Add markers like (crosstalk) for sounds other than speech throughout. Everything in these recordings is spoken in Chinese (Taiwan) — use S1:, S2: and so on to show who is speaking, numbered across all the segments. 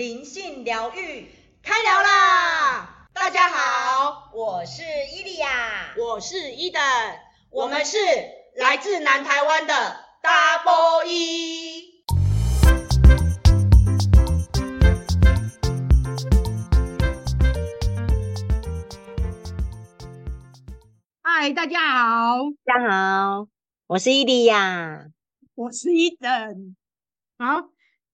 S1: 靈性聊遇開聊啦！大家好，我是伊利亞，我是伊登，我們是來自南台灣的 Double E。嗨，Hi, 大家好，大家好，我是伊利亞，
S2: 我是伊登，好、啊。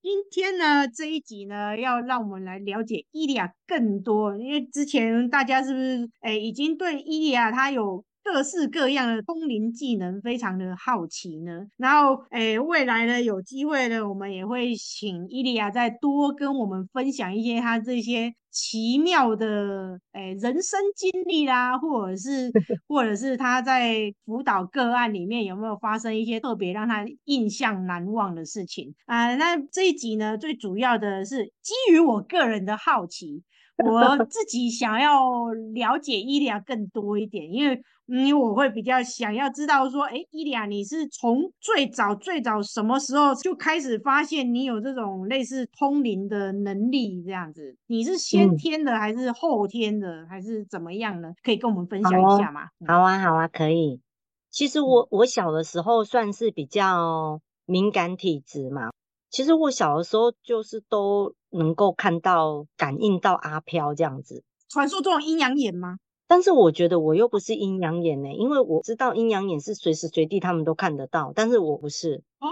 S2: 今天呢，這一集呢，要讓我們來了解伊利亞更多，因為之前大家是不是，哎、欸，已經對伊利亞她有。各式各樣的通靈技能，非常的好奇呢。然後，欸、未來呢有機會呢，我們也會請伊利亞再多跟我們分享一些她這些奇妙的、欸、人生經歷啦，或者是或者是她在輔導個案裡面有沒有發生一些特別讓她印象難忘的事情啊、呃。那這一集呢，最主要的是基於我個人的好奇，我自己想要了解伊利亞更多一點，因為。因為、嗯、我會比較想要知道，說，哎、欸，伊利亞，你是從最早最早什麼時候就開始發現你有這種類似通靈的能力這樣子？你是先天的還是後天的，嗯、還是怎麼樣呢？可以跟
S1: 我們分享一下嗎？好，哦、好啊，好啊，可以。其實我、嗯、我小的時候算是比較敏感體質嘛。其實我小的時候就是都能夠看到、感應到阿飄這樣子。傳說中的陰陽眼嗎？但是我覺得我又不是陰陽眼呢，因為我知道陰陽眼是隨時隨地他們都看得到，但是我不是
S2: 哦，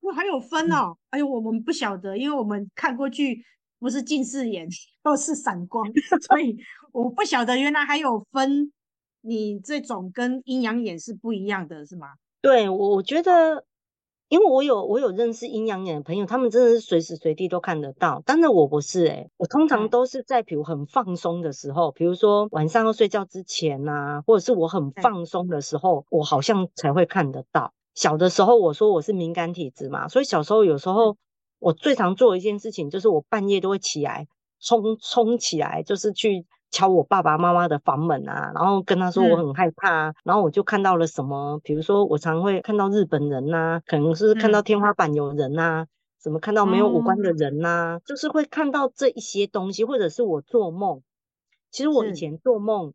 S2: 我還有分哦，嗯、哎呦，我們不曉得，因為我們看過去不是近視眼，都是散光， (laughs) 所以我不曉得原來還有分，你這種跟陰陽眼是不一樣的，是嗎？
S1: 對，我我覺得。因為我有我有認識陰陽眼的朋友，他們真的是隨時隨地都看得到，但是我不是誒、欸、我通常都是在比如很放鬆的時候，比對如說晚上要睡覺之前吶、啊，或者是我很放鬆的時候，對我好像才會看得到。小的時候我說我是敏感體質嘛，所以小時候有時候我最常做一件事情就是我半夜都會起來衝衝起來，就是去。敲我爸爸媽媽的房門啊，然後跟他說我很害怕、啊，嗯、然後我就看到了什麼，比如說我常會看到日本人吶、啊，可能是看到天花板有人吶、啊，什、嗯、麼看到沒有五官的人吶、啊，嗯、就是會看到這一些東西，或者是我做夢。其實我以前做夢，是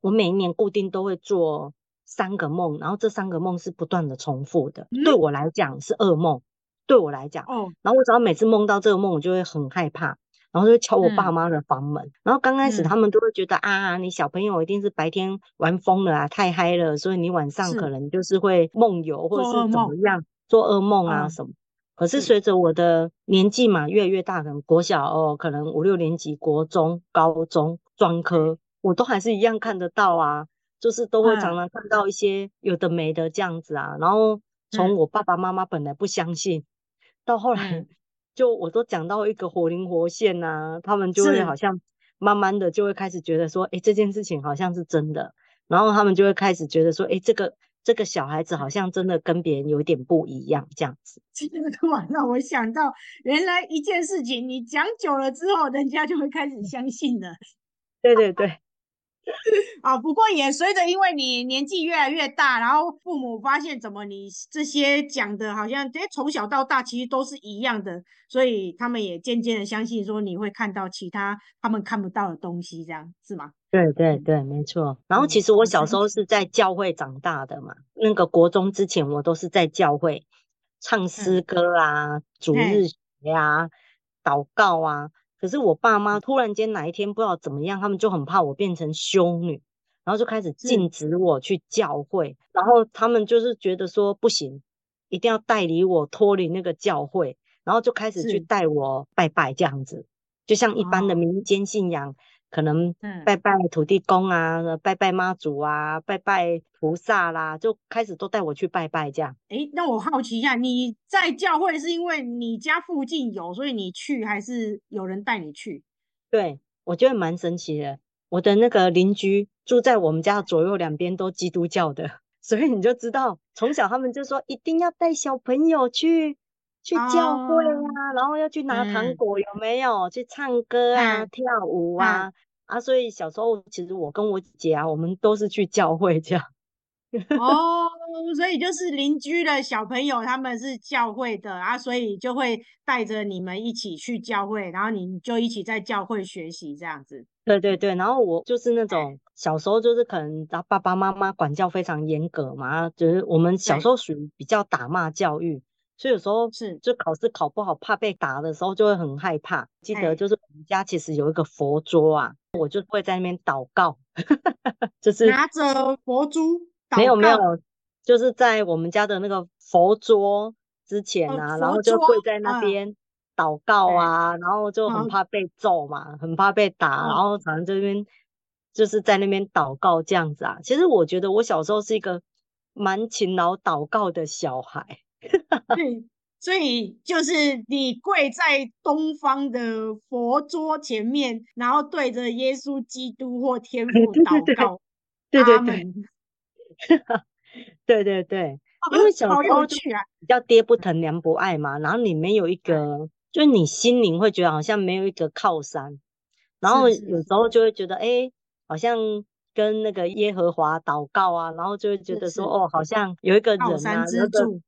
S1: 我每一年固定都會做三個夢，然後這三個夢是不斷的重複的，嗯、對我來講是噩夢，對我來講，哦、然後我只要每次夢到這個夢，我就會很害怕。然後就敲我爸媽的房門，嗯、然後剛開始他們都會覺得、嗯、啊，你小朋友一定是白天玩瘋了啊，嗯、太嗨了，所以你晚上可能就是會夢遊或者是怎麼樣做噩，做噩夢啊什麼。嗯、可是隨着我的年紀嘛越來越大，可能國小哦，可能五六年級、國中、高中、專科，嗯、我都還是一樣看得到啊，就是都會常常看到一些有的沒的這樣子啊。嗯、然後從我爸爸媽媽本來不相信，嗯、到後來。嗯就我都講到一個活靈活現吶、啊，他們就會好像慢慢的就會開始覺得說，哎是，這件事情好像是真的，然後他們就會開始覺得說，哎，這個這個小孩子好像真的跟別人有點不一樣這樣子。
S2: 這個都讓我想到，原來一件事情你講久了之後，人家就會開始相信了。
S1: 對對對。 (laughs)
S2: (laughs) 哦，不過也隨着因為你年紀越來越大，然後父母發現怎麼你這些講的好像，這些從小到大其實都是一樣的，所以他們也漸漸的相信說你會看到其他他們看不到的東西，這樣是嗎？
S1: 對對對，沒錯。然後其實我小時候是在教會長大的嘛，那個國中之前我都是在教會唱詩歌啊、主日學啊、禱告啊。可是我爸媽突然間哪一天不知道怎麼樣，他們就很怕我變成修女，然後就開始禁止我去教會，是然後他們就是覺得說不行，一定要帶離我，脫離那個教會，然後就開始去帶我拜拜這樣子，是就像一般的民間信仰。啊可能拜拜土地公啊，嗯、拜拜媽祖啊，拜拜菩薩啦，就開始都帶我去拜拜這樣。誒、欸、
S2: 那我好奇一下，你在教會是因為你家附近有，所以你去，還是有人帶你去？
S1: 對，我覺得蠻神奇的。我的那個鄰居住在我們家左右兩邊都基督教的，所以你就知道，從小他們就說一定要帶小朋友去。去教會啊，哦、然後要去拿糖果，嗯、有沒有去唱歌啊、啊跳舞啊？啊，啊，所以小時候其實我跟我姐啊，我們都是去教會這樣。
S2: 哦， (laughs) 所以就是鄰居的小朋友他們是教會的啊，所以就會帶着你們一起去教會，然後你就一起在教會學習這樣子。
S1: 對對對，然後我就是那種、嗯、小時候就是可能爸爸媽媽管教非常嚴格嘛，就是我們小時候屬於比較打罵教育。所以有時候是，就考試考不好，是怕被打的時候就會很害怕。哎、記得就是我們家其實有一個佛桌啊，嗯、我就會在那邊禱告， (laughs) 就是拿着佛珠，沒有沒有，就是在我們家的那個佛桌之前啊，哦、啊然後就跪在那邊禱告啊，啊然後就很怕被揍嘛，對很怕被打，然後反正這邊、嗯、就是在那邊禱告這樣子啊。其實我覺得我小時候是一個蠻勤勞禱告的小孩。
S2: (laughs) 對，所以就是你跪在東方的佛桌前面，然後對着耶穌基督或天父禱告， (laughs) 對
S1: 對對，阿們 (laughs) 對對對，因為小時候就比較爹不疼娘不愛嘛，然後你沒有一個， (laughs) 就是你心靈會覺得好像沒有一個靠山，然後有時候就會覺得，哎、欸，好像。跟那個耶和華禱告啊，然後就會覺得說，是哦，好像有一個人啊，靠山，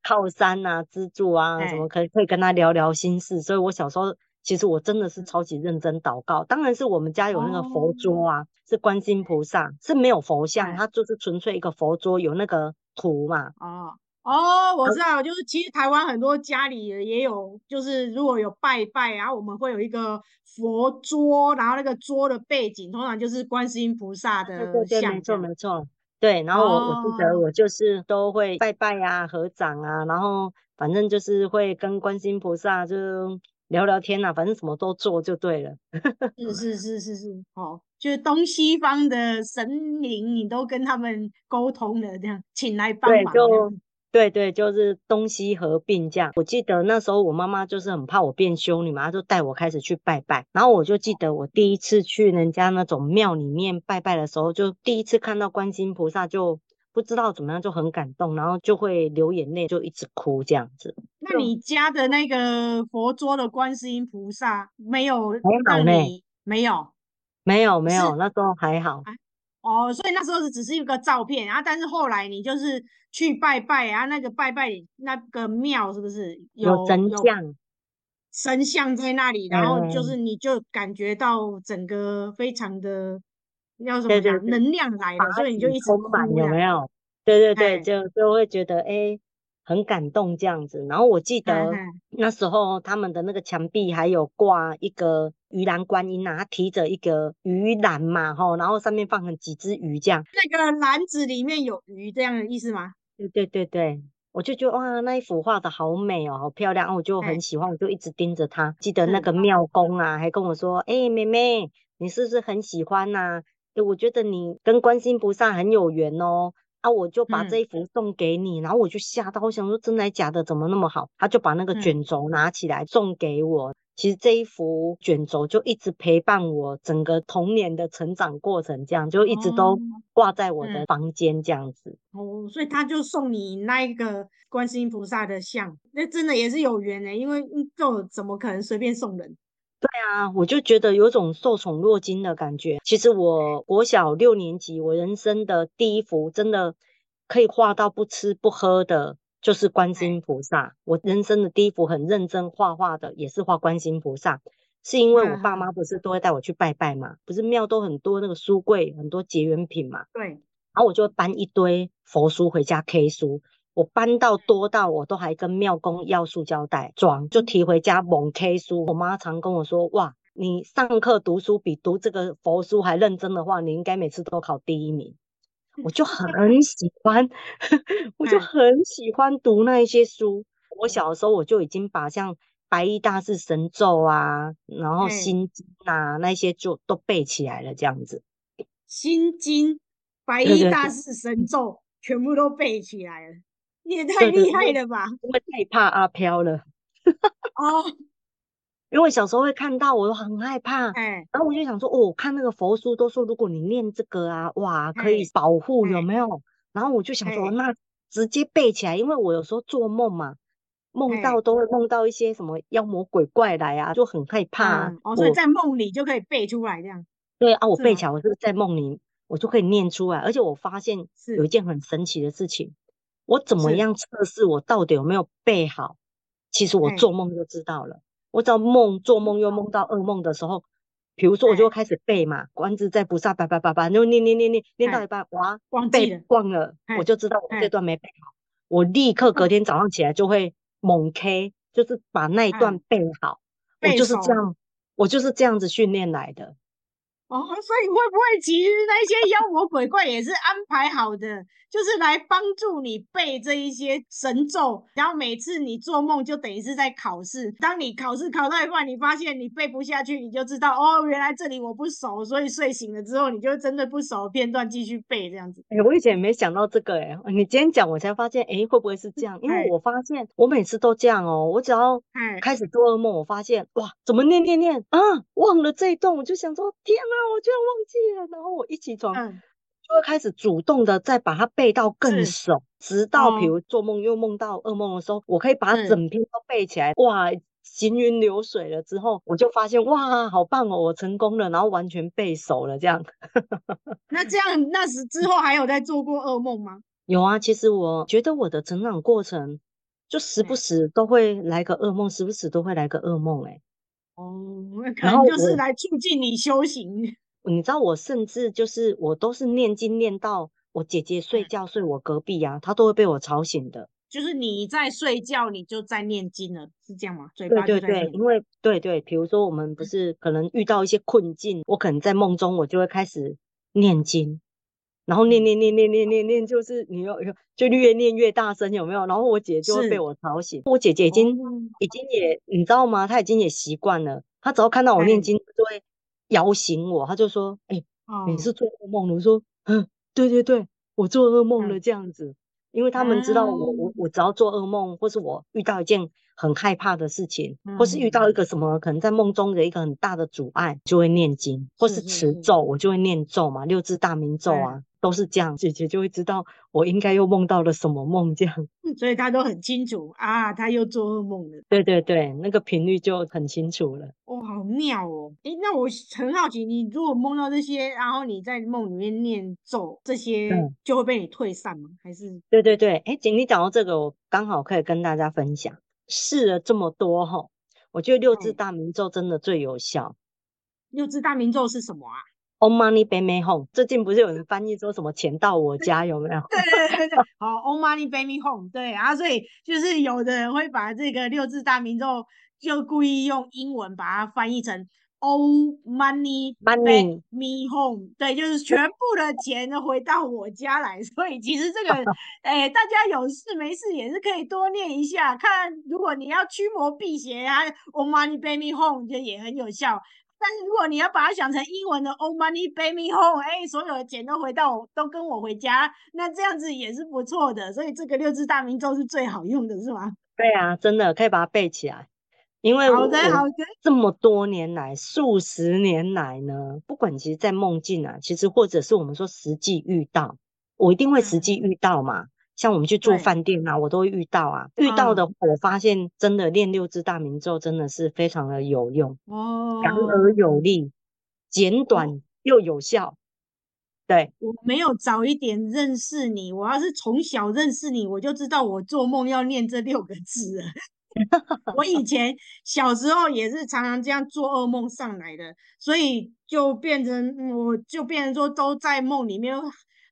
S1: 靠山啊，支柱啊，對什麼可以可以跟他聊聊心事。所以我小時候，其實我真的是超級認真禱告。當然是我們家有那個佛桌啊，哦、是觀心音菩薩，是沒有佛像，對它就是純粹一個佛桌，有那個圖嘛。
S2: 哦。哦，我知道，好就是其實台灣很多家裡也有，就是如果有拜拜，然後我們會有一個佛桌，然後那個桌的背景通常就是觀世音菩薩的像，沒錯
S1: 沒錯。對，然後我、哦、我記得我就是都會拜拜啊、合掌啊，然後反正就是會跟觀世音菩薩就聊聊天吶、啊，反正什麼都做就對了。
S2: 是是是是是，就、哦、就東西方的神靈，你都跟他們溝通了，這樣請來幫忙。
S1: 對對，就是東西合併這樣。我記得那時候我媽媽就是很怕我變修女嘛，她就帶我開始去拜拜。然後我就記得我第一次去人家那種廟裡面拜拜的時候，就第一次看到觀世音菩薩，就不知道怎麼樣就很感動，然後就會流眼淚，就一直哭這樣子。
S2: 那你家的那個佛桌的觀世音菩薩沒有讓你沒有你沒有
S1: 沒有，是沒有，那時候還好。啊
S2: 哦，oh, 所以那時候是只是一個照片，然、啊、後但是後來你就是去拜拜啊，那個拜拜那個廟是不是有神像，有真相有神像在那裡？嗯、然後就是你就感覺到整個非常的要什麼對對對能量來了，對對對所以你就一直，有沒有？
S1: 對對對，就就會覺得哎、欸、很感動這樣子。然後我記得那時候他們的那個牆壁還有掛一個。魚籃觀音吶、啊，他提着一個魚籃嘛，吼，然後上面放了幾隻魚，這樣，
S2: 那個籃子裡面有魚，這樣的意思嗎？
S1: 對對對對，我就覺得哇，那一幅畫的好美哦、喔，好漂亮，我就很喜歡，欸、我就一直盯着它。記得那個廟公啊，嗯、還跟我說，誒、嗯嗯欸、妹妹，你是不是很喜歡吶、啊欸？我覺得你跟觀音菩薩很有緣哦、喔，啊，我就把這一幅送給你，嗯、然後我就嚇到，我想說真的還假的，怎麼那麼好？他就把那個卷軸拿起來送給我。嗯其實這一幅卷軸就一直陪伴我整個童年的成長過程，這樣，就一直都掛在我的房間這樣子。
S2: 哦，嗯、哦，所以他就送你那一個觀世音菩薩的像，那真的也是有緣耶，因為就怎麼可能隨便送人？對啊，
S1: 我就覺得有種受寵若驚的感覺。其實我國小六年級，我人生的第一幅真的可以畫到不吃不喝的。就是觀世音菩薩，我人生的第一幅很認真畫畫的，也是畫觀世音菩薩，是因為我爸媽不是都會帶我去拜拜嘛，不是廟都很多，那個書櫃很多結緣品嘛，對，然後、啊、我就搬一堆佛書回家 K 書，我搬到多到我都還跟廟公要塑膠袋裝，就提回家猛 K 書。我媽常跟我說，哇，你上課讀書比讀這個佛書還認真的話，你應該每次都考第一名。 (laughs) 我就很喜歡，哎、 (laughs) 我就很喜歡讀那一些書。我小的時候我就已經把像《白衣大士神咒》啊，然後《心經》啊、哎、那些就都背起來了，這樣子。
S2: 心經、白衣大士神咒，對對對，全部都背起來了，你也太厲害了吧！因
S1: 為太怕阿飄了。 (laughs) 哦，因為小時候會看到，我很害怕。嗯、欸，然後我就想說，哦，我看那個佛書都說，如果你念這個啊，哇，可以保護，欸、有沒有？欸、然後我就想說，欸、那直接背起來，因為我有時候做夢嘛，夢到都會夢到一些什麼妖魔鬼怪來啊，就很害怕、嗯。哦，所以在
S2: 夢裡就可以背出來這樣。
S1: 對啊，我背起來，我就是在夢裡，嗎我就可以念出來。而且我發現有一件很神奇的事情，是我怎麼樣測試我到底有沒有背好？是其實我做夢就知道了。欸我只要夢，做夢又夢到噩夢的時候，比如說我就會開始背嘛，哎、觀自在菩薩叭叭叭叭，然後念念念念，念到一半，哎、哇，背忘記了，光了，哎、我就知道我這段沒背好，哎、我立刻隔天早上起來就會猛 K、哎、就是把那一段背好。哎、我就是這樣，頭我就是這樣子訓練來的。
S2: 哦，所以會不會其實那些妖魔鬼怪也是安排好的？ (laughs) 就是來幫助你背這一些神咒，然後每次你做夢就等於是在考試。當你考試考太快，你發現你背不下去，你就知道哦，原來這裡我不熟，所以睡醒了之後你就針對不熟的片段繼續背這樣子。
S1: 哎、欸，我以前也沒想到這個、欸，哎，你今天講我才發現，哎、欸，會不會是這樣？欸、因為我發現我每次都這樣哦、喔，我只要開始做噩夢，我發現哇，怎麼念念念啊，忘了這一段，我就想說天吶、啊。我居然忘記了，然後我一起床、嗯、就會開始主動的再把它背到更熟，是直到比如做夢又夢到噩夢的時候，嗯、我可以把它整篇都背起來，嗯、哇，行雲流水了之後，我就發現哇，好棒哦，我成功了，然後完全背熟了這樣。
S2: (laughs) 那這樣那時之後還有在做過噩夢嗎？
S1: 有啊，其實我覺得我的成長過程就時不時都會來個噩夢，對時不時都會來個噩夢、欸，哎。
S2: 哦，那、嗯、可能就是來促進你修行。
S1: 你知道，我甚至就是我都是念經念到我姐姐睡覺睡我隔壁啊，嗯、她都會被我吵醒的。
S2: 就是你在睡覺，你就在念經了，是這樣嗎？對對對，對對對，因
S1: 為對，對對，比如說我們不是可能遇到一些困境，嗯、我可能在夢中我就會開始念經。然後念念念念念念念，就是你要就越念越大聲，有沒有？然後我姐，姐就會被我吵醒。是我姐姐已經、oh. 已經也，你知道嗎？她已經也習慣了。她只要看到我念經，嗯、就會搖醒我。她就說：“
S2: 哎、欸，你是、
S1: oh. 做噩夢了。”我說：“嗯，對對對，我做噩夢了。嗯”這樣子，因為他們知道我我我只要做噩夢，或是我遇到一件很害怕的事情，嗯、或是遇到一個什麼、嗯、可能在夢中的一個很大的阻礙，就會念經，是或是持咒，我就會念咒嘛，六字大明咒啊，對啊都是這樣。姐姐就會知道我應該又夢到了什麼夢這樣，
S2: 所以她都很清楚啊，她又做噩夢了。
S1: 對對對，那個頻率就很清楚了。
S2: 哇、哦，好妙哦！誒，那我很好奇，你如果夢到這些，然後你在夢裡面念咒，這些就會被你退散嗎？嗯、還是？
S1: 對對對，誒，姐，你講到這個，我剛好可以跟大家分享。試了這麼多吼，我覺得六字大明咒真的最有效。嗯、六字大明咒是什麼啊？All money baby home，最近不是有人翻譯說什麼錢到我家對有沒有？對
S2: 對對,對,對 (laughs) 好哦，All money baby home，對啊，所以就是有的人會把這個六字大明咒，就故意用英文把它翻譯成。All、oh, money back me home，對，就是全部的錢回到我家來。所以其實這個，哎、 (laughs) 欸，大家有事沒事也是可以多念一下。看如果你要驅魔辟邪啊，All、oh, money back me home 就也很有效。但是如果你要把它想成英文的 All、oh, money back me home，哎、欸，所有的錢都回到，都跟我回家，那這樣子也是不錯的。所以這個六字大明咒是最好用的，是嗎？
S1: 對啊，真的可以把它背起來。因為我，我這麼多年來，數十年來呢，不管其實在夢境啊，其實或者是我們說實際遇到，我一定會實際遇到嘛。像我們去做飯店啊，對我都會遇到啊。遇到的話，我發現真的念六字大明咒真的是非常的有用哦，強而有力，簡短又有效。哦、對，我沒有
S2: 早一點認識你，我要是從小認識你，我就知道我做夢要念這六個字了。 (laughs) 我以前小時候也是常常這樣做噩夢上來的，所以就變成我就變成說都在夢裡面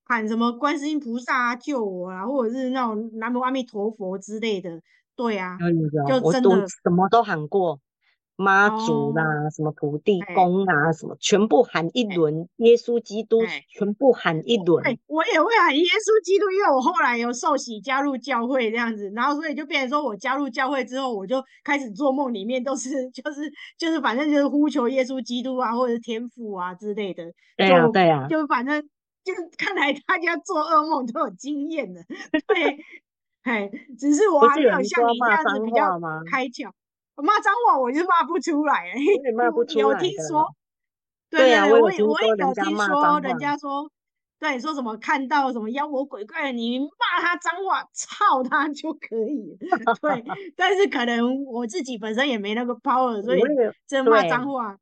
S2: 喊什麼觀世音菩薩啊，救我啊，或者是那種南無阿彌陀佛之類的。對啊，
S1: (laughs) 就真的什麼都喊過。媽祖啦，啊，哦、什麼土地公啊，欸、什麼全部喊一輪，欸、耶穌基督全部喊一輪。
S2: 我也會喊耶穌基督，因為我後來有受洗加入教會這樣子，然後所以就變成說我加入教會之後，我就開始做夢，裡面都是就是就是，就是、反正就是呼求耶穌基督啊，或者是天父啊之類的。對啊對啊。就，對啊就反正就是看來大家做噩夢都有經驗的，對。哎， (laughs) 只是我還、啊、沒有像你這樣子比較開竅。罵髒話我就罵不、欸、不出來， (laughs) 有聽說，對呀、啊，我也我也有聽說人，人家說，對，說什麼看到什麼妖魔鬼怪，你罵他髒話，操他就可以， (laughs) 對，但是可能我自己本身也沒那個 power 所以真罵髒話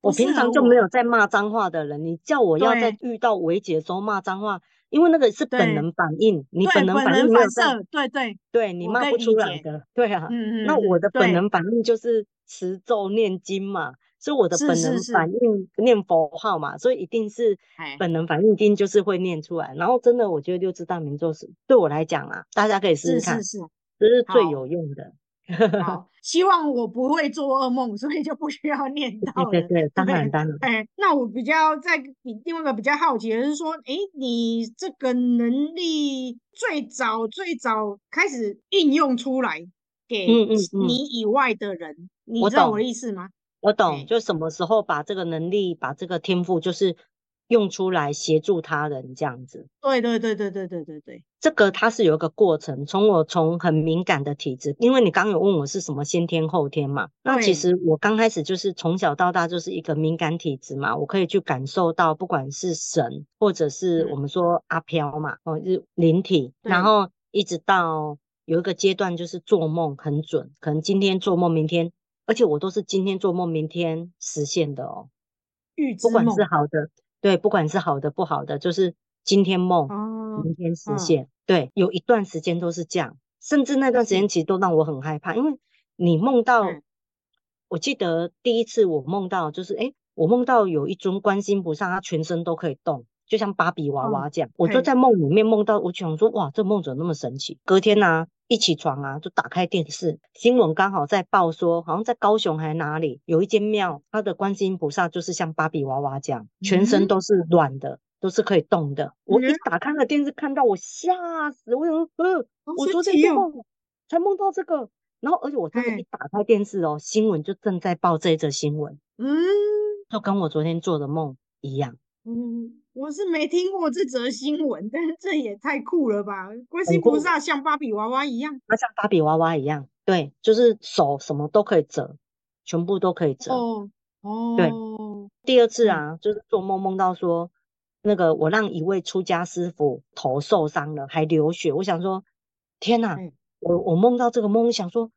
S1: 我， (laughs) 我平常就沒有在罵髒話的人，你叫我要在遇到維姐的時候罵髒話。因為那個是本能反應，對你本能反應慢有對，對對對，你罵不出來的，對啊，嗯、哼那我的本能反應就是持咒念經嘛，所以我的本能反應對念佛號嘛，所以一定是本能反應，一定就是會念出來。嘿然後真的，我覺得六字大明咒是對我來講啊，大家可以試試看，是，是是，這是最有用的。
S2: (laughs) 好，希望我不會做噩夢，所以就不需要念叨了。對對，對對，
S1: 當然當然。
S2: 誒，那我比較在比另外一個比較好奇的是說，誒，你這個能力最早最早開始應用出來給你以外的人，嗯嗯嗯，你知道我的意思嗎我？
S1: 我懂，就什麼時候把這個能力、把這個天賦，就是。用出來協助他人這樣子，
S2: 對對對對對對對對，
S1: 這個它是有一個過程。從我從很敏感的體質，因為你剛有問我是什麼先天後天嘛，對 那其實我剛開始就是從小到大就是一個敏感體質嘛，我可以去感受到，不管是神或者是我們說阿飄嘛，嗯、哦，就靈體。對 然後一直到有一個階段就是做夢很準，可能今天做夢，明天，而且我都是今天做夢，明天實現的哦，預知夢，不管是好的。對，不管是好的不好的，就是今天夢，哦、明天實現。哦、對，有一段時間都是這樣，甚至那段時間其實都讓我很害怕，嗯、因為你夢到，嗯、我記得第一次我夢到就是，誒我夢到有一尊觀音菩薩，他全身都可以動，就像芭比娃娃這樣，哦、我就在夢裡面夢到，我想說，哇，這夢怎麼那麼神奇？隔天吶、啊一起床啊，就打開電視，新聞剛好在報說，好像在高雄還是哪裡有一間廟，它的觀世音菩薩就是像芭比娃娃這樣，全身都是軟的，嗯、都是可以動的。我一打開的電視看到，我嚇死，我想說，嗯、呃，我昨天做夢才夢到這個，然後而且我真的，一打開電視哦，嗯、新聞就正在報這一則新聞，嗯，就跟我昨天做的夢一樣。
S2: 嗯，我是沒聽過這則新聞，但是這也太酷了吧！觀世音菩薩像芭比娃娃一樣，
S1: 那像芭比娃娃一樣，對，就是手什麼都可以折，全部都可以折、哦。哦，對，第二次啊，就是做夢夢到說，嗯、那個我讓一位出家師父頭受傷了，還流血。我想說，天呐、啊欸，我我夢到這個夢，想說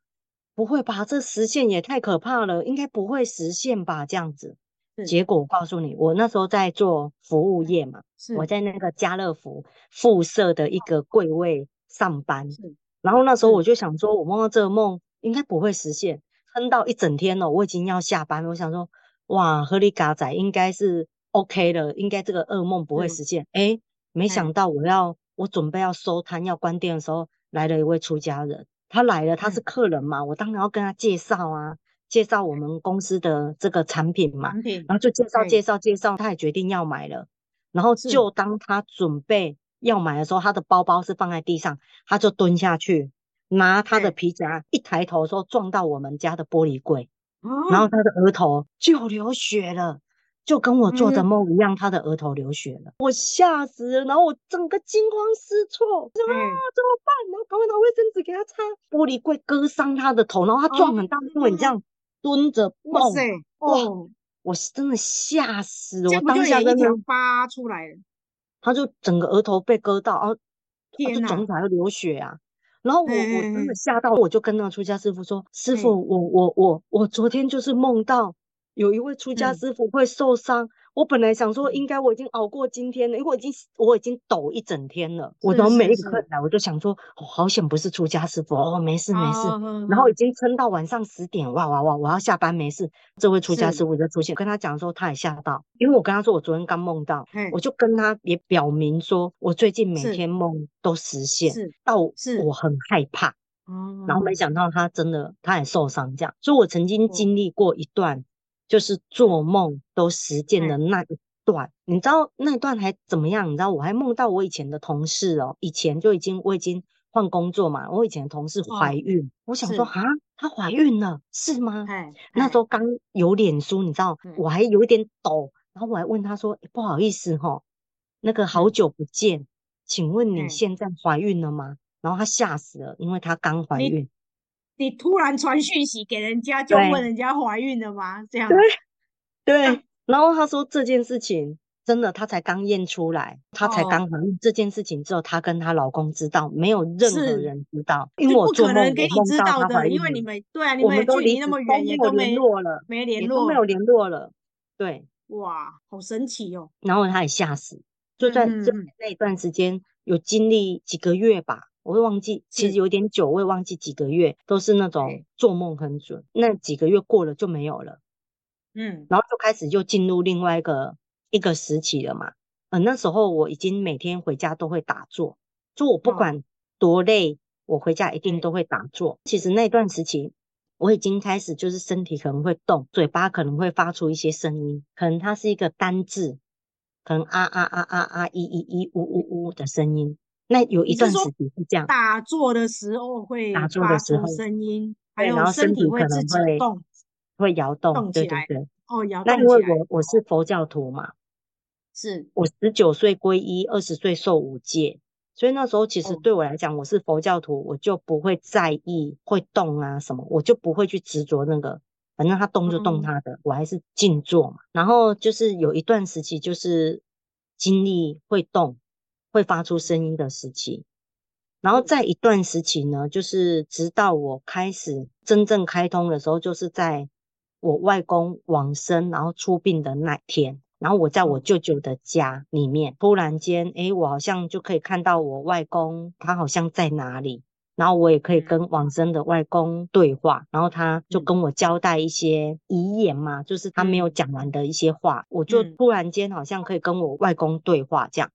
S1: 不會吧，這實現也太可怕了，應該不會實現吧，這樣子。是結果我告訴你，我那時候在做服務業嘛，是我在那個家樂福附設的一個櫃位上班。是然後那時候我就想說，我夢到這個夢應該不會實現，撐到一整天了，喔，我已經要下班，我想說，哇，荷里嘎仔應該是 OK 的，應該這個噩夢不會實現。誒是、欸、沒想到我要，欸、我準備要收攤要關店的時候，來了一位出家人，他來了，他是客人嘛，嗯、我當然要跟他介紹啊。介紹我們公司的這個產品嘛，然後就介紹介紹介紹，他也決定要買了。然後就當他準備要買的時候，他的包包是放在地上，他就蹲下去拿他的皮夾，一抬頭的時候撞到我們家的玻璃櫃，然後他的額頭就流血了，就跟我做的夢一樣，他的額頭流血了，我嚇死了，然後我整個驚慌失措，怎麼辦？然後趕快拿衛生紙給他擦。玻璃櫃割傷他的頭，然後他撞很大部分這樣。蹲着，哇塞，哇哇，我是真的嚇死，我當下跟他
S2: 發出來，
S1: 他就整個額頭被割到，然、啊、
S2: 後，天哪、啊，腫、啊、
S1: 起來流血啊！然後我、嗯、我真的嚇到，我就跟那個出家師父說：“嗯、師父，我我我我，我昨天就是夢到有一位出家師父會受傷。嗯”我本來想說，應該我已經熬過今天了，因為我已經我已經抖一整天了，是是是我都沒困了，我就想說，是是哦、好險不是出家師傅哦，沒事沒事。Oh、然後已經撐到晚上十點，哇哇哇，我要下班沒事，這位出家師傅就出現，是跟他講的時候，他也嚇到，因為我跟他說我昨天剛夢到，嗯、我就跟他也表明說我最近每天夢都實現，是到是我很害怕是
S2: 是然後沒
S1: 想到他真的他也受傷這樣，所以我曾經經歷過一段。就是做夢都實踐的那一段，嗯、你知道那一段還怎麼樣？你知道我還夢到我以前的同事哦、喔，以前就已經我已經換工作嘛，我以前的同事懷孕，哦、我想說啊，她懷是孕了是嗎？哎、嗯，嗯、那時候剛有臉書，你知道我還有點抖，然後我還問她說、欸、不好意思吼，那個好久不見，嗯、請問你現在懷孕了嗎？嗯、然後她嚇死了，因為她剛懷孕。你突然傳訊息給人家，就問人
S2: 家懷孕了嗎？這
S1: 樣對，對。然後她說這件事情真的，她才剛驗出來，她才剛懷孕這件事情只有，她跟她老公知道，沒有任何人知道，因為我不可能給你知道的，因為你們，
S2: 對，你們都離那麼遠，都沒沒聯絡，都沒有
S1: 聯絡了。對，
S2: 哇，好神奇哦！
S1: 然後她也嚇死，就在那那一段時間，有經歷幾個月吧。我會忘記，其實有點久，我會忘記幾個月，嗯、都是那種做夢很準，那幾個月過了就沒有了，嗯，然後就開始就進入另外一個一個時期了嘛。呃，那時候我已經每天回家都會打坐，就我不管多累，嗯、我回家一定都會打坐。其實那段時期我已經開始就是身體可能會動，嘴巴可能會發出一些聲音，可能它是一個單字，可能啊啊啊啊啊，咦咦咦、嗚嗚嗚的聲音。那有一段時期是這樣，打
S2: 坐的時候會打坐的時候聲音，對還有身體,然後身體可能會自己
S1: 動，會搖動，動對對對哦，
S2: 搖。那因為我
S1: 我是佛教徒嘛，哦、是我十九歲皈依，二十歲受五戒，所以那時候其實對我來講，嗯、我是佛教徒，我就不會在意會動啊什麼，我就不會去執着那個，反正他動就動他的，嗯、我還是靜坐嘛。然後就是有一段時期，就是精力會動。會發出聲音的時期，然後在一段時期呢，就是直到我開始真正開通的時候，就是在我外公往生，然後出殯的那天，然後我在我舅舅的家裡面，突然間，誒，我好像就可以看到我外公，他好像在哪裡，然後我也可以跟往生的外公對話，然後他就跟我交代一些遺言嘛，就是他沒有講完的一些話，我就突然間好像可以跟我外公對話這樣。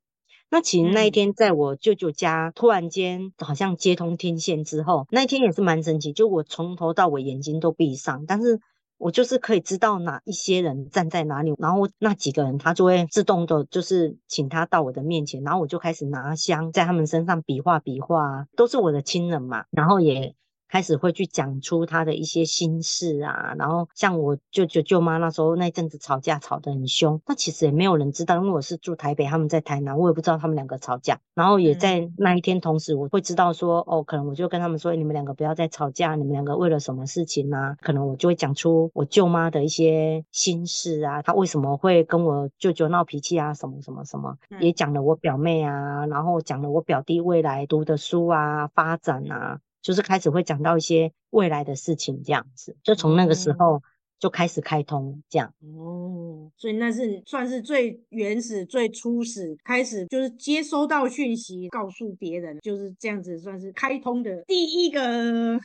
S1: 那其實那一天，在我舅舅家，嗯、突然間好像接通天線之後，那一天也是蠻神奇。就我從頭到尾眼睛都閉上，但是我就是可以知道哪一些人站在哪裡，然後那幾個人他就會自動的，就是請他到我的面前，然後我就開始拿香在他們身上比劃比劃，都是我的親人嘛，然後也。開始會去講出他的一些心事啊，然後像我舅舅舅媽那時候那陣子吵架吵得很兇，那其實也沒有人知道，因為我是住台北，他們在台南，我也不知道他們兩個吵架。然後也在那一天同時，我會知道說，哦，可能我就跟他們說，你們兩個不要再吵架，你們兩個為了什麼事情啊？可能我就會講出我舅媽的一些心事啊，他為什麼會跟我舅舅鬧脾氣啊，什麼什麼什麼，也講了我表妹啊，然後講了我表弟未來讀的書啊，發展啊。就是開始會講到一些未來的事情，這樣子，就從那個時候。嗯就開始開通這樣
S2: 哦，所以那是算是最原始、最初始開始，就是接收到訊息，告訴別人，就是這樣子，算是開通的第一個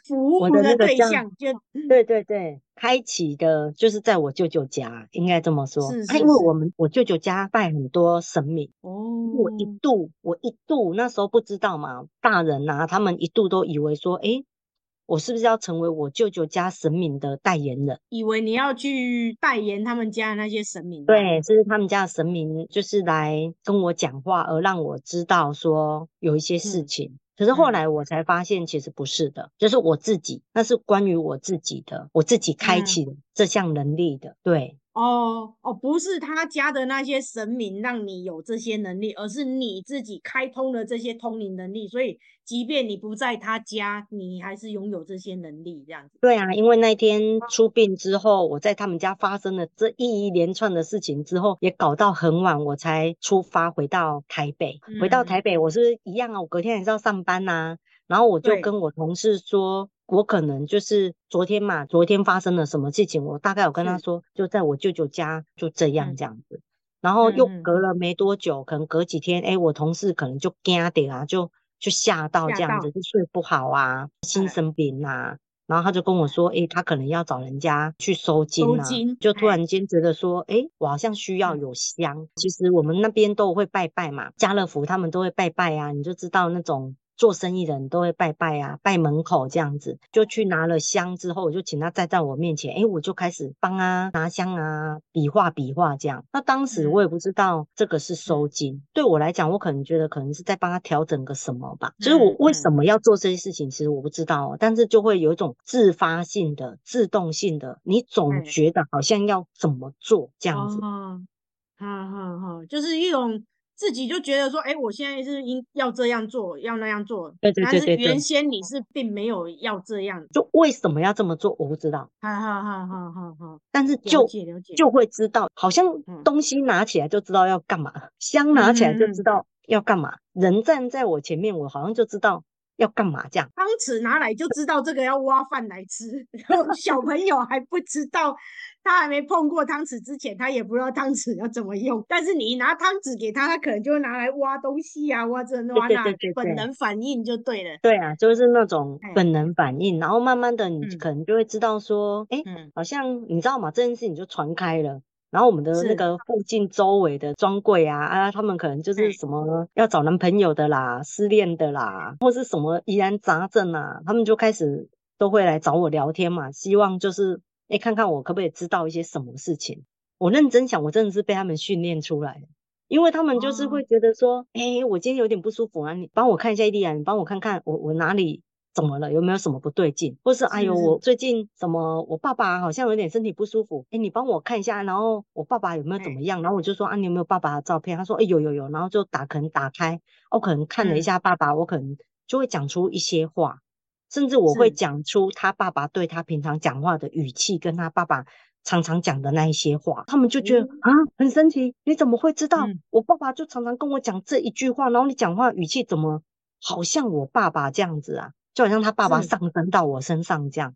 S2: 服務的對象。
S1: 就對對對，開啟的就是在我舅舅家，應該這麼說。是，是，是、啊，因為我們我舅舅家拜很多神明哦，我，我一度我一度那時候不知道嘛，大人啊，他們一度都以為說，哎、欸。我是不是要成為我舅舅家神明的代言人？
S2: 以為你要去代言他們家的那些神明？
S1: 啊？對，這、就是他們家的神明，就是來跟我講話，而讓我知道說有一些事情。嗯、可是後來我才發現，其實不是的，嗯、就是我自己，那是關於我自己的，我自己開啟這項能力的，嗯、對。
S2: 哦哦，不是他家的那些神明讓你有這些能力，而是你自己開通了這些通靈能力。所以，即便你不在他家，你還是擁有這些能力。這樣
S1: 子。對啊，因為那天出殯之後，我在他們家發生了這一一連串的事情之後，也搞到很晚，我才出發回到台北。嗯、回到台北，我是一樣啊，我隔天還是要上班吶、啊。然後我就跟我同事說。我可能就是昨天嘛，昨天發生了什麼事情？我大概有跟他說，嗯、就在我舅舅家就這樣這樣子，嗯、然後又隔了沒多久，可能隔幾天，誒、嗯欸，我同事可能就驚掉啊，就就嚇到這樣子，到就睡不好啊，心神病吶、啊，嗯、然後他就跟我說，誒、欸、他可能要找人家去收驚啊，金嗯、就突然間覺得說，誒、欸、我好像需要有香，嗯、其實我們那邊都會拜拜嘛，家樂福他們都會拜拜啊，你就知道那種。做生意的人都會拜拜啊，拜門口這樣子，就去拿了香之後，我就請他站在我面前，哎，我就開始幫他、啊、拿香啊，比劃比劃這樣。那當時我也不知道這個是收金，嗯、對我來講，我可能覺得可能是在幫他調整個什麼吧。嗯、就是我為什麼要做這些事情，其實我不知道哦。但是就會有一種自發性的、自動性的，你總覺得好像要怎麼做、嗯、這樣子。好
S2: 好好，好，好好，就是一種。自己就覺得說，哎、欸，我現在是應要這樣做，要那樣做。對對對對，但是原先你是並沒有要這樣，
S1: 就為什麼要這麼做，我不知道。
S2: 好好好好好好。但是就了解了解，就
S1: 會知道，好像東西拿起來就知道要幹嘛，香、嗯、拿起來就知道要幹嘛，嗯、哼，人站在我前面，我好像就知道。要幹嘛這樣？
S2: 湯匙拿來就知道這個要挖飯來吃。然後小朋友還不知道， (laughs) 他還沒碰過湯匙之前，他也不知道湯匙要怎麼用。但是你一拿湯匙給他，他可能就會拿來挖東西啊，挖這挖那，對對對對對，本能反應就對了。
S1: 對啊，就是那種本能反應。嗯、然後慢慢的，你可能就會知道說，哎、嗯欸，好像你知道嗎？這件事你就傳開了。然後我們的那個附近周圍的專櫃啊是啊，他們可能就是什麼要找男朋友的啦、誒失戀的啦，或是什麼疑難雜症啊，他們就開始都會來找我聊天嘛，希望就是哎看看我可不可以知道一些什麼事情。我認真想，我真的是被他們訓練出來的，因為他們就是會覺得說，哎、哦，我今天有點不舒服啊，你幫我看一下伊麗雅，你幫我看看我我哪裡。怎麼了？有沒有什麼不對勁？或是哎呦，是是我最近怎麼？我爸爸好像有點身體不舒服。哎，你幫我看一下，然後我爸爸有沒有怎麼樣？嗯、然後我就說啊，你有沒有爸爸的照片？他說哎有有有。然後就打可能打開，我可能看了一下爸爸，嗯、我可能就會講出一些話，甚至我會講出他爸爸對他平常講話的語氣，跟他爸爸常常講的那一些話，他們就覺得、嗯、啊很神奇，你怎麼會知道？嗯、我爸爸就常常跟我講這一句話，然後你講話語氣怎麼好像我爸爸這樣子啊？就好像他爸爸上升到我身上這樣，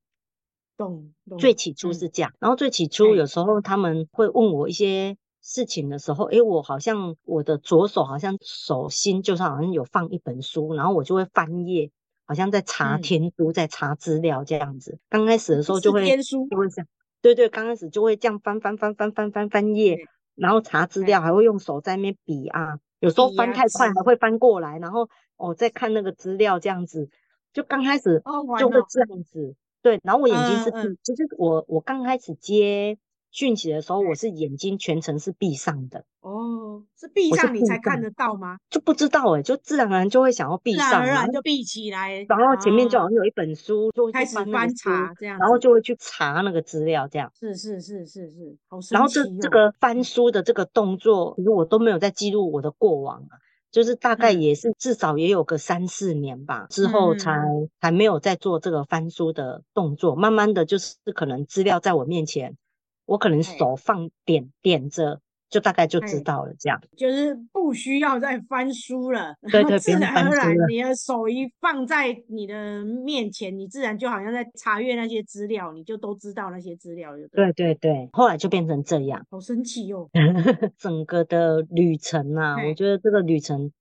S1: 懂。最起初是這樣，嗯、然後最起初有時候他們會問我一些事情的時候，哎、欸欸，我好像我的左手好像手心就是好像有放一本書，然後我就會翻頁，好像在查天書，嗯、在查資料這樣子。剛開始的時候就會天書，就會這樣對，對對，剛開始就會這樣翻翻翻翻翻翻翻頁，對然後查資料，對還會用手在那邊比啊，有時候翻太快還會翻過來，啊、然後我再、哦、看那個資料這樣子。就剛開始就會這樣子，哦哦嗯、對。然後我眼睛是閉、嗯嗯、就是我我剛開始接訊息的時候，嗯、我是眼睛全程是閉上的。
S2: 哦，是閉上你才看得到嗎？
S1: 就不知道哎、欸，就自然而然就會想要閉上。自然,然而然就
S2: 閉起來。然後,啊、然後前面就
S1: 好像有一本書，就,就書開始翻查這樣，然後就會去查那個資料這樣。
S2: 是是是是是，啊、然後這這個
S1: 翻書的這個動作，其實我都沒有在記錄我的過往就是大概也是至少也有個三四年吧，嗯、之後才還沒有再做這個翻書的動作，嗯、慢慢的就是可能資料在我面前，我可能手放點點着。就大概就知道了，嘿這樣
S2: 就是不需要再翻書了。對對，然後自然而然，你的手一放在你的面前，你自然就好像在查閱那些資料，你就都知道那些資料。對
S1: 對對，後來就變成這樣，好神奇哦！ (laughs) 整個的旅程啊，嘿我覺得這個旅程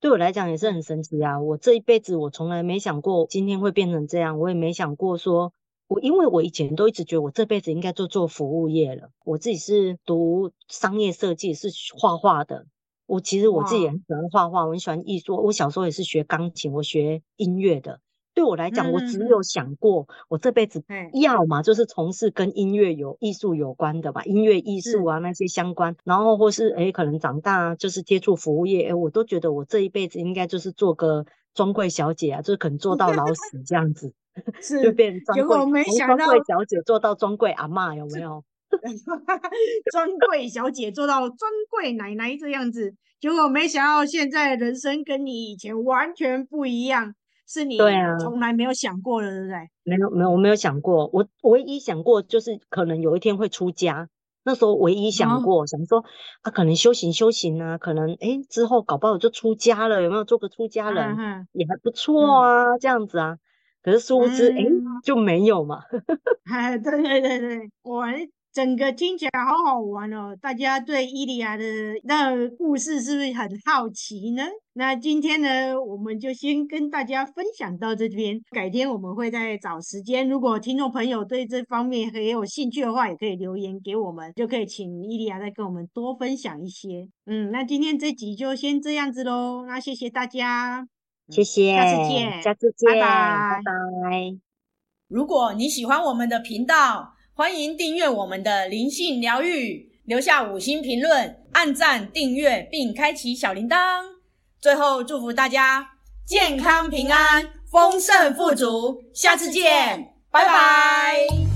S1: 對我來講也是很神奇啊。我這一輩子我從來沒想過今天會變成這樣，我也沒想過說。我因為我以前都一直覺得我這輩子應該就做服務業了。我自己是讀商業設計，是畫畫的。我其實我自己也很喜歡畫畫，我很喜歡藝術。我小時候也是學鋼琴，我學音樂的。對我來講，我只有想過我這輩子要嘛就是從事跟音樂有藝術有關的吧，音樂藝術啊那些相關。然後或是哎，可能長大就是接觸服務業，哎，我都覺得我這一輩子應該就是做個專櫃小姐啊，就是可能做到老死這樣子。 (laughs) 是，就變結果我沒想到，專櫃小姐做到專櫃阿嬤，有沒有？專櫃
S2: (laughs) 小姐做到專櫃奶奶這樣子，結果我沒想到現在人生跟你以前完全不一樣，是你從來沒有想過的，對，啊、對不對？
S1: 沒有沒有，我沒有想過，我唯一想過就是可能有一天會出家，那時候唯一想過，嗯、想說啊可能修行修行啊，可能哎、啊欸、之後搞不好就出家了，有沒有做個出家人、啊、哈也還不錯啊，嗯、這樣子啊。可是殊不知、嗯，就沒有嘛。
S2: 哈 (laughs) 哈、啊，對對對對，整個聽起來好好玩哦！大家對伊利亞的那故事，是不是很好奇呢？那今天呢，我們就先跟大家分享到這邊。改天我們會再找時間，如果聽眾朋友對這方面很有興趣的話，也可以留言給我們，就可以請伊利亞再跟我們多分享一些。嗯，那今天這集就先這樣子嘍。那謝謝大家。
S1: 謝謝，下次見，下次見，拜拜拜拜。拜拜。如果
S2: 你喜歡我們的頻道，歡迎訂閱我們的靈性療癒，留下五星評論，按讚訂閱並開啟小鈴鐺。最後祝福大家健康平安、豐盛富足，下次見，拜拜。拜拜。